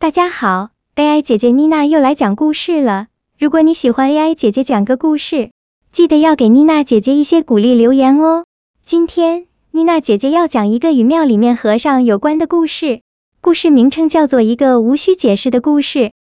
大家好，AI 姐姐妮娜又來講故事了。如果你喜歡 AI 姐姐講個故事，記得要給妮娜姐姐一些鼓勵留言哦。今天妮娜姐姐要講一個與廟裡面和尚有關的故事，故事名稱叫做一個無需解釋的故事。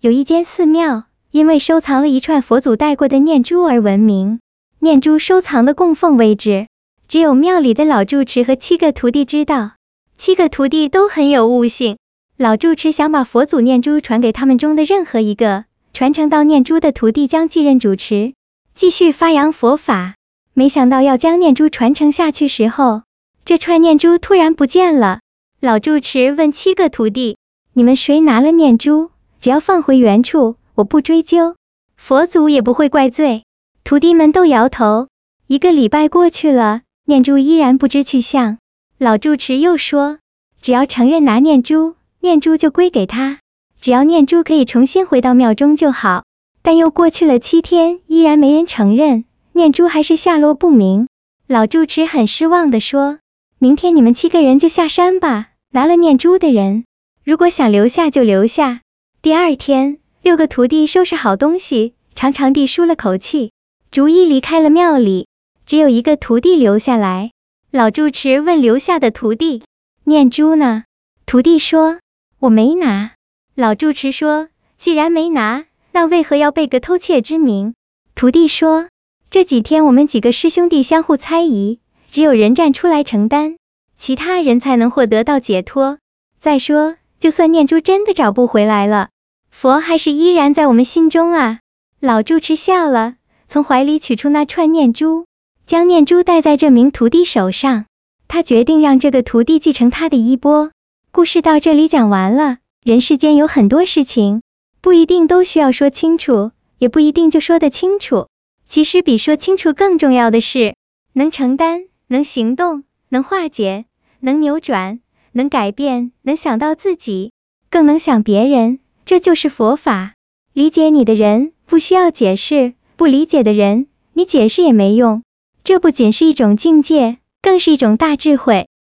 有一間寺廟，因為收藏了一串佛祖帶過的念珠而聞名。念珠收藏的供奉位置，只有廟裡的老住持和七個徒弟知道。七個徒弟都很有悟性。老住持想把佛祖念珠傳給他們中的任何一個，傳承到念珠的徒弟將繼任住持，繼續發揚佛法。沒想到要將念珠傳承下去時候，這串念珠突然不見了。老住持問七個徒弟：“你們誰拿了念珠？只要放回原處，我不追究，佛祖也不會怪罪。”徒弟們都搖頭。一個禮拜過去了，念珠依然不知去向。老住持又說：“只要承認拿念珠。”念珠就歸給他，只要念珠可以重新回到廟中就好。但又過去了七天，依然沒人承認，念珠還是下落不明。老住持很失望地說：“明天你們七個人就下山吧，拿了念珠的人，如果想留下就留下。”第二天，六個徒弟收拾好東西，長長地舒了口氣，逐一離開了廟裡，只有一個徒弟留下來。老住持問留下的徒弟：“念珠呢？”徒弟說。我沒拿，老住持說，既然沒拿，那為何要背個偷竊之名？徒弟說，這幾天我們幾個師兄弟相互猜疑，只有人站出來承擔，其他人才能獲得到解脫。再說，就算念珠真的找不回來了，佛還是依然在我們心中啊。老住持笑了，從懷裡取出那串念珠，將念珠戴在這名徒弟手上，他決定讓這個徒弟繼承他的衣缽。故事到這裡講完了。人世間有很多事情，不一定都需要說清楚，也不一定就說得清楚。其實比說清楚更重要的是，能承擔，能行動，能化解，能扭轉，能改變，能想到自己，更能想別人。這就是佛法。理解你的人不需要解釋，不理解的人，你解釋也沒用。這不僅是一種境界，更是一種大智慧。